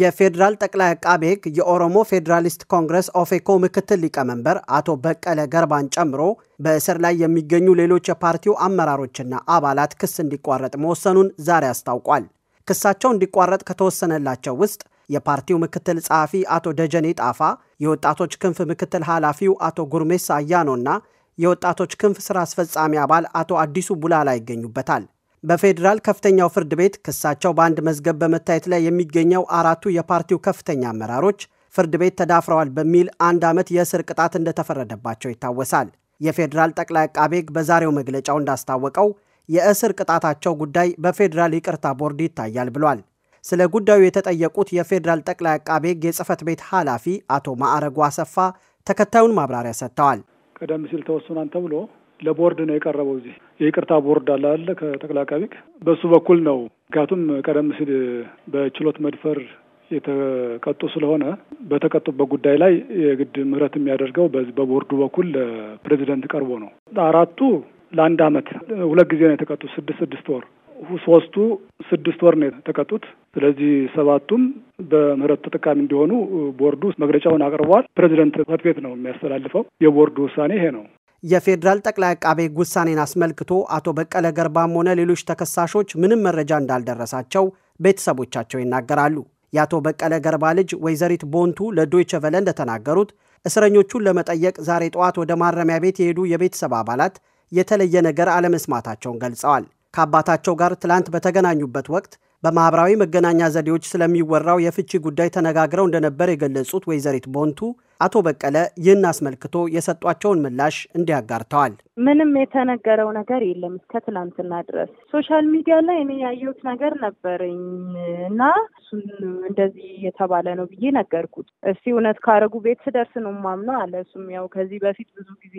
የፌዴራል ጠቅላይ አቃቤ ሕግ የኦሮሞ ፌዴራሊስት ኮንግረስ ኦፌኮ ምክትል ሊቀመንበር አቶ በቀለ ገርባን ጨምሮ በእስር ላይ የሚገኙ ሌሎች የፓርቲው አመራሮችና አባላት ክስ እንዲቋረጥ መወሰኑን ዛሬ አስታውቋል። ክሳቸው እንዲቋረጥ ከተወሰነላቸው ውስጥ የፓርቲው ምክትል ጸሐፊ አቶ ደጀኔ ጣፋ፣ የወጣቶች ክንፍ ምክትል ኃላፊው አቶ ጉርሜሳ አያኖና የወጣቶች ክንፍ ስራ አስፈጻሚ አባል አቶ አዲሱ ቡላላ ይገኙበታል። በፌዴራል ከፍተኛው ፍርድ ቤት ክሳቸው በአንድ መዝገብ በመታየት ላይ የሚገኘው አራቱ የፓርቲው ከፍተኛ አመራሮች ፍርድ ቤት ተዳፍረዋል በሚል አንድ ዓመት የእስር ቅጣት እንደተፈረደባቸው ይታወሳል። የፌዴራል ጠቅላይ አቃቤ ሕግ በዛሬው መግለጫው እንዳስታወቀው የእስር ቅጣታቸው ጉዳይ በፌዴራል ይቅርታ ቦርድ ይታያል ብሏል። ስለ ጉዳዩ የተጠየቁት የፌዴራል ጠቅላይ አቃቤ ሕግ የጽህፈት ቤት ኃላፊ አቶ ማዕረጉ አሰፋ ተከታዩን ማብራሪያ ሰጥተዋል። ቀደም ሲል ተወስኗን ተብሎ ለቦርድ ነው የቀረበው። እዚህ የይቅርታ ቦርድ አለ አለ ከጠቅላይ ሕግ በሱ በኩል ነው። ምክንያቱም ቀደም ሲል በችሎት መድፈር የተቀጡ ስለሆነ በተቀጡበት ጉዳይ ላይ የግድ ምህረት የሚያደርገው በቦርዱ በኩል ለፕሬዚደንት ቀርቦ ነው። አራቱ ለአንድ አመት ሁለት ጊዜ ነው የተቀጡት፣ ስድስት ስድስት ወር ሶስቱ ስድስት ወር ነው የተቀጡት። ስለዚህ ሰባቱም በምህረት ተጠቃሚ እንዲሆኑ ቦርዱ መግለጫውን አቅርቧል። ፕሬዚደንት ጽሕፈት ቤት ነው የሚያስተላልፈው። የቦርዱ ውሳኔ ይሄ ነው። የፌዴራል ጠቅላይ አቃቤ ሕግ ውሳኔን አስመልክቶ አቶ በቀለ ገርባም ሆነ ሌሎች ተከሳሾች ምንም መረጃ እንዳልደረሳቸው ቤተሰቦቻቸው ይናገራሉ። የአቶ በቀለ ገርባ ልጅ ወይዘሪት ቦንቱ ለዶይቸ ቨለ እንደተናገሩት እስረኞቹን ለመጠየቅ ዛሬ ጠዋት ወደ ማረሚያ ቤት የሄዱ የቤተሰብ አባላት የተለየ ነገር አለመስማታቸውን ገልጸዋል። ከአባታቸው ጋር ትላንት በተገናኙበት ወቅት በማኅበራዊ መገናኛ ዘዴዎች ስለሚወራው የፍቺ ጉዳይ ተነጋግረው እንደነበር የገለጹት ወይዘሪት ቦንቱ አቶ በቀለ ይህን አስመልክቶ የሰጧቸውን ምላሽ እንዲያጋርተዋል። ምንም የተነገረው ነገር የለም እስከ ትናንትና ድረስ ሶሻል ሚዲያ ላይ እኔ ያየሁት ነገር ነበረኝ እና እሱን እንደዚህ የተባለ ነው ብዬ ነገርኩት። እስቲ እውነት ካረጉ ቤት ስደርስ ነው ማምነው አለ። እሱም ያው ከዚህ በፊት ብዙ ጊዜ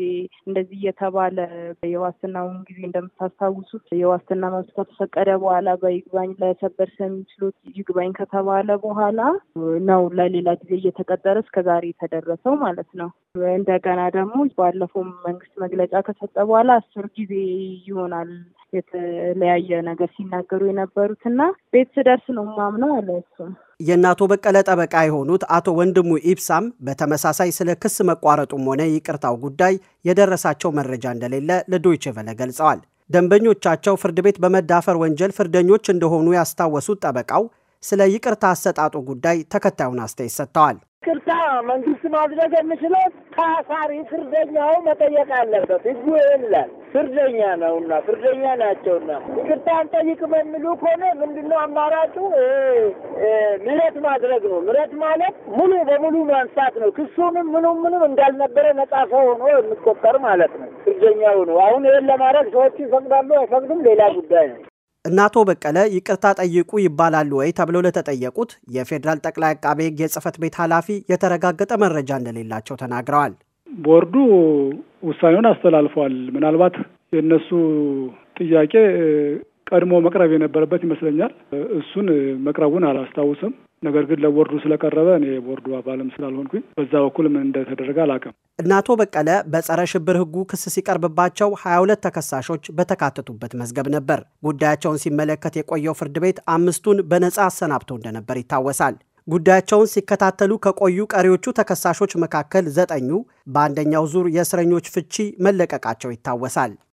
እንደዚህ እየተባለ የዋስትናውን ጊዜ እንደምታስታውሱት የዋስትና መብት ከተፈቀደ በኋላ በይግባኝ የሰበር ሰሚ ችሎት ይግባኝ ከተባለ በኋላ ነው ለሌላ ጊዜ እየተቀጠረ ዛሬ የተደረሰው ማለት ነው። እንደገና ደግሞ ባለፈው መንግስት መግለጫ ከሰጠ በኋላ አስር ጊዜ ይሆናል የተለያየ ነገር ሲናገሩ የነበሩትና ቤት ስደርስ ነው ማምነው አለ እሱም የእነ አቶ በቀለ ጠበቃ የሆኑት አቶ ወንድሙ ኢብሳም በተመሳሳይ ስለ ክስ መቋረጡም ሆነ ይቅርታው ጉዳይ የደረሳቸው መረጃ እንደሌለ ለዶይቼ ቨለ ገልጸዋል። ደንበኞቻቸው ፍርድ ቤት በመዳፈር ወንጀል ፍርደኞች እንደሆኑ ያስታወሱት ጠበቃው ስለ ይቅርታ አሰጣጡ ጉዳይ ተከታዩን አስተያየት ሰጥተዋል። ይቅርታ መንግስት ማድረግ የምችለው ታሳሪ ፍርደኛው መጠየቅ አለበት። ህጉ ይላል ፍርደኛ ነውና ፍርደኛ ናቸውና ይቅርታ አንጠይቅም የሚሉ ከሆነ ምንድነው አማራጩ? ምረት ማድረግ ነው። ምረት ማለት ሙሉ በሙሉ ማንሳት ነው። ክሱንም ምኑም ምኑም እንዳልነበረ ነጻ ሰው ሆኖ የምትቆጠር ማለት ነው። ፍርደኛው ነው። አሁን ይህን ለማድረግ ሰዎች ይፈቅዳሉ አይፈቅዱም ሌላ ጉዳይ ነው። እነ አቶ በቀለ ይቅርታ ጠይቁ ይባላሉ ወይ ተብለው ለተጠየቁት የፌዴራል ጠቅላይ አቃቤ ሕግ የጽህፈት ቤት ኃላፊ የተረጋገጠ መረጃ እንደሌላቸው ተናግረዋል። ቦርዱ ውሳኔውን አስተላልፏል። ምናልባት የእነሱ ጥያቄ ቀድሞ መቅረብ የነበረበት ይመስለኛል። እሱን መቅረቡን አላስታውስም። ነገር ግን ለቦርዱ ስለቀረበ እኔ የቦርዱ አባልም ስላልሆንኩኝ በዛ በኩል ምን እንደተደረገ አላውቅም። እነ አቶ በቀለ በጸረ ሽብር ህጉ ክስ ሲቀርብባቸው 22 ተከሳሾች በተካተቱበት መዝገብ ነበር። ጉዳያቸውን ሲመለከት የቆየው ፍርድ ቤት አምስቱን በነጻ አሰናብቶ እንደነበር ይታወሳል። ጉዳያቸውን ሲከታተሉ ከቆዩ ቀሪዎቹ ተከሳሾች መካከል ዘጠኙ በአንደኛው ዙር የእስረኞች ፍቺ መለቀቃቸው ይታወሳል።